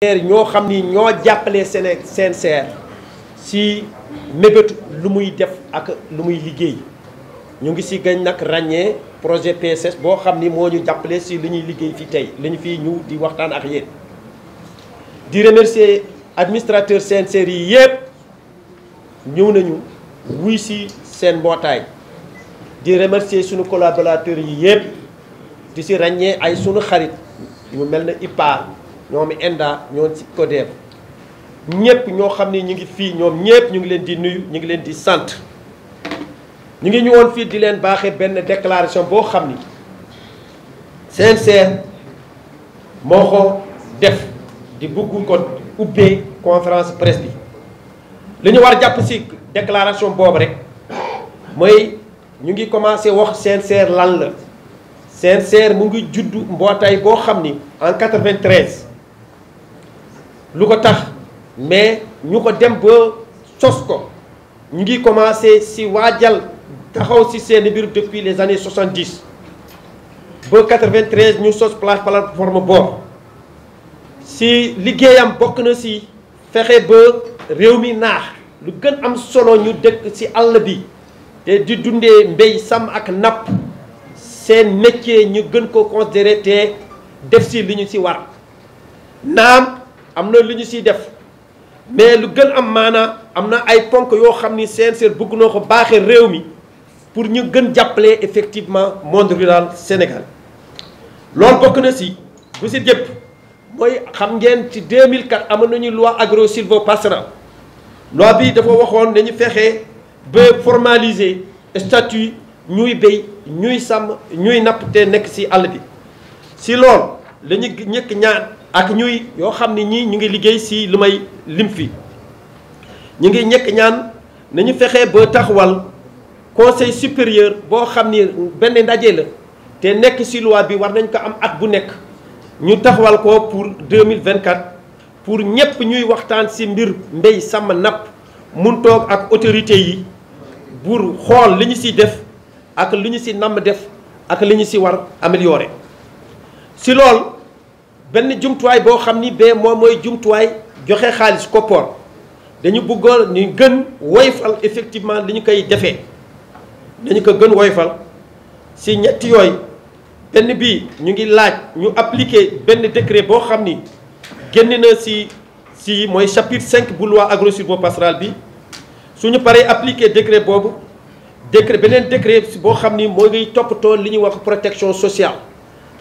ñoo xam ni ñoo jàppale CNCR si mébétu muy def ak lu muy liggéey ñu ngi si gañ ràññee projet PSS boo xam ni moo ñu jàppale si lu ñuy liggéey fi tey lu ñu fii di waxtaan ak yéen di remercier administrateur CNCR yi yëpp ñëw nañu wuy si seen mbootaay di remercier suñu collaborateurs yii yëpp di si ràññee ay sunu xarit ñu mel na IPAR ñoom inda ñoom ci CODEB ñëpp ñoo xam ne ñu ngi fii ñoom ñëpp ñu ngi leen di nuyu ñu ngi leen di sant ñu ngi ñu woon fii di leen baaxee benn déclaration boo xam ni CNCR moo ko def di ko ubbee conférence presse bi li ñu war a déclaration boobu rek mooy ñu ngi commencé wax CNCR lan la CNCR mu ngi juddu mbootaay boo xam ni en 93. lu ko tax mais ñu ko dem ba sos ko ñu ngi commencé si waajal taxaw si seen mbir depuis les années 70 ba 93 ñu sos place plateforme boor si liggéeyam bokk na si fexe ba réew mi naax lu gën am solo ñu dëkk si àll bi te di dundee mbéy sàmm ak napp seen métier ñu gën ko considéré te def si li ñu war naam amna luñu ci def mais lu gën am maanaa amna ay ponk yo xamni ni CNCR bëgg noo ko baaxee réew mi pour ñu gën jàppale effectivement monde rural Sénégal lool bokk na si bu si jëpp moy xam ngeen ci 2004 amna ñu loi agro silvo pastoral loi bi dafa waxoon dañu fexé ba formaliser statut ñuy béy ñuy sam ñuy napp te nekk si bi si lool lañu ñu ñaan ak ñuy yo xamni ñi ñu ngi liggéey ci limay lim fi ñi ngi ñek ñaan nañu fexé ba taxwal conseil supérieur bo xamni benn ndaje la té nek ci loi bi war nañ ko am at bu nek ñu taxwal ko pour 2024 pour ñepp ñuy waxtaan ci mbir mbey sam nap mun tok ak autorité yi pour xol liñu ci def ak liñu ci si def ak liñu ci war améliorer si lolou benn jumtuwaay boo xam ni bee moom mooy jumtuwaay joxe xaalis koppoor dañu bëggoon ñu gën woyfal effectivement li ñu koy defee dañu ko gën woyfal si ñetti yooyu benn bi ñu ngi laaj ñu appliquer benn décret boo xam ni génn na si si mooy chapitre 5 bu loi agro pastoral bi suñu paree appliquer décret boobu décret beneen décret boo xam ni moo ngi toppatoo li ñuy wax protection sociale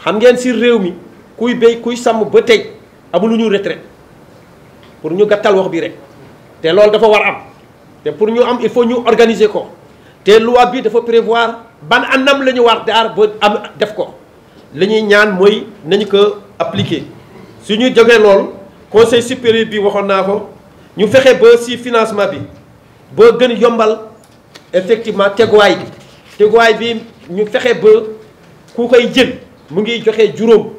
xam ngeen si réew mi. kuy béy kuy sàmm ba tey ñu retraite pour ñu gàttal wax bi rek te loolu dafa war am te pour ñu am il faut ñu organiser ko te loi bi dafa prévoir ban anam la ñu war daar ba am def ko li ñuy ñaan mooy nañu ko appliquer su ñu jógee lool conseil supérieur bi waxoon naa ko ñu fexe ba si financement bi boo gën yombal effectivement teguwaay bi teguwaay bi ñu fexe ba ku koy jël mu ngi joxe juróom.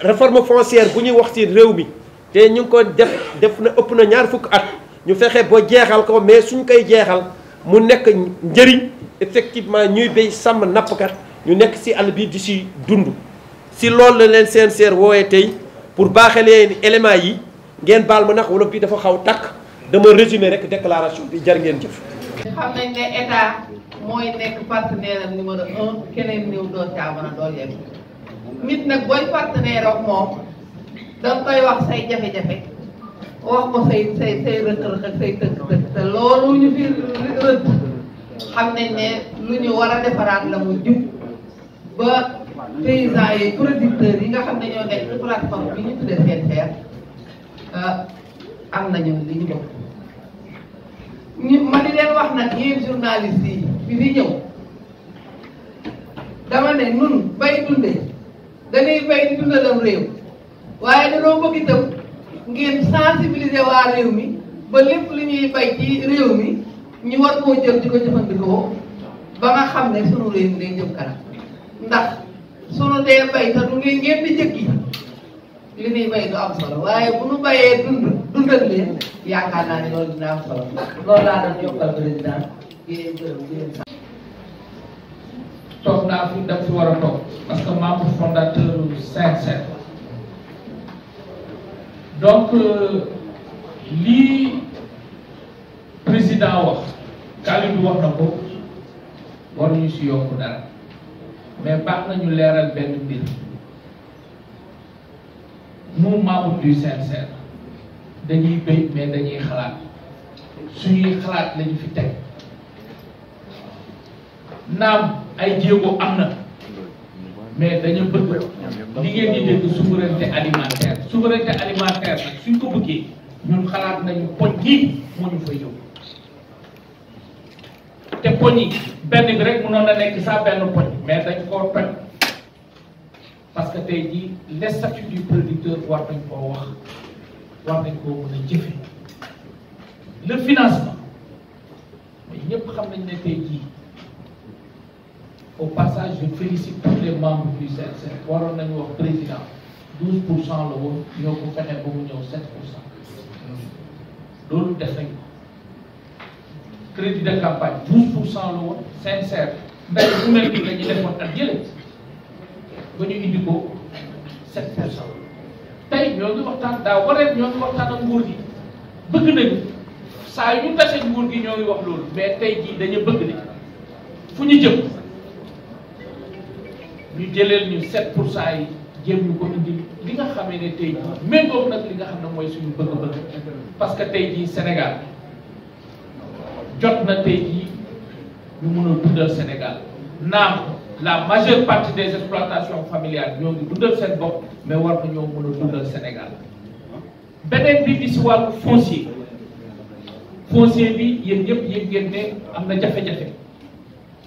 réforme foncière bu ñuy wax ci réew mi te ñu ko def def na ëpp na ñaar fukk at ñu fexe boo jeexal ko mais suñ koy jeexal mu nekk njëriñ effectivement ñuy béy sàmm nappkat ñu nekk ci àll bi di ci dund ci loolu la leen CNCR woowee tey pour baaxee leen éléments yi ngeen baal ma nag wolof bi dafa xaw tàkk dama résumer rek déclaration bi jar ngeen jëf. xam nañ ne état mit nag booy partenaire ak moom danga koy wax say jafe-jafe wax ko say say say rëq-rëq ak say tëkk te loolu ñu fi rëdd xam nañ ne lu ñu war la mu jub ba paysans yi producteurs yi nga xam ne ñoo nekk ci plateforme bi ñu tuddee CNCR ah, am nañu li ñu bokk ñu ma di leen wax nag yéen journalistes yi fi di ñëw dama ne nun bay dundee dañuy fay di dundalam réew waaye dañoo bëgg ngeen sensibiliser waa réew mi ba lépp lu ñuy bay ci réew mi ñu war koo jël di ko jëfandikoo ba nga xam ne sunu réew mi day jëm kanam di jëkki li ñuy bay du am solo waaye bu nu bayee dund dundal leen yaakaar naa ne loolu dina am solo loolu laa doon yokkal président di leen gërëm di leen sant toog naa parce que membre fondateur CNCR donc euh, lii président wax Kalidou wax na ko waruñu si yokk dara mais baax nañu leeral benn mbir nous membres du CNCR dañuy béy mais dañuy xalaat suñuy xalaat lañu fi teg naam ay jéego am na mais dañu bëgg li ngeen di dégg souveraineté alimentaire souveraineté alimentaire nag suñ ko bëggee ñun xalaat nañu poñ yi moo ñu fay yóbbu te poñ yi benn bi rek mënoon la nekk saa benn poñ mais dañ koo toj parce que te jii les statuts du producteur war nañ koo wax war nañ koo mën a jëfe le financement mais ñëpp xam nañ ne tey jii au passage je félicite tous les membres du CNCR waroon nañu wax président 12 pour cent la woon ñoo ko fexe ba mu ñëw pour cent loolu def crédit da campagne 12 pour cent la woon CNCR mbéy bu mel ni la ñu defoon ak ba ñu indi ko pour cent tey ñoo ngi waxtaan daa wareet ñoo ngi waxtaan ak nguur gi bëgg nañu saa yu ñu tase nguur gi ñoo ngi wax loolu mais tey jii dañu bëgg ne fu ñu jëm. ñu jëleel ñu 7 pour cent yi jéem ñu ko indi li nga xamee ne tey jii méngóog nag li nga xam ne suñu bëgg parce que tey jii Sénégal jot na tey jii ñu mun a dundal Sénégal naam la majeure partie des exploitations familiales ñoo ngi dundal seen bopp mais war na ñoo mun dundal Sénégal Benen bi di si foncier foncier bi yeen ñëpp yeen gënné amna jafé jafé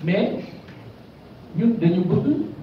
mais ñun dañu bëgg.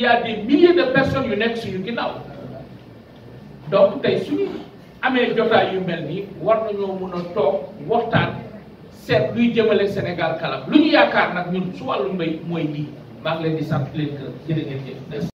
il y a de milliers de personnes yu nekk suñu ginnaaw donc tey suñu amee jotaay yu mel nii war nañoo mën a toog waxtaan seet luy jëmale Sénégal kanam lu ñu yaakaar nag ñun su wàllu mbay mooy lii maa ngi leen di sant leen gërëm jërë ngeen jëf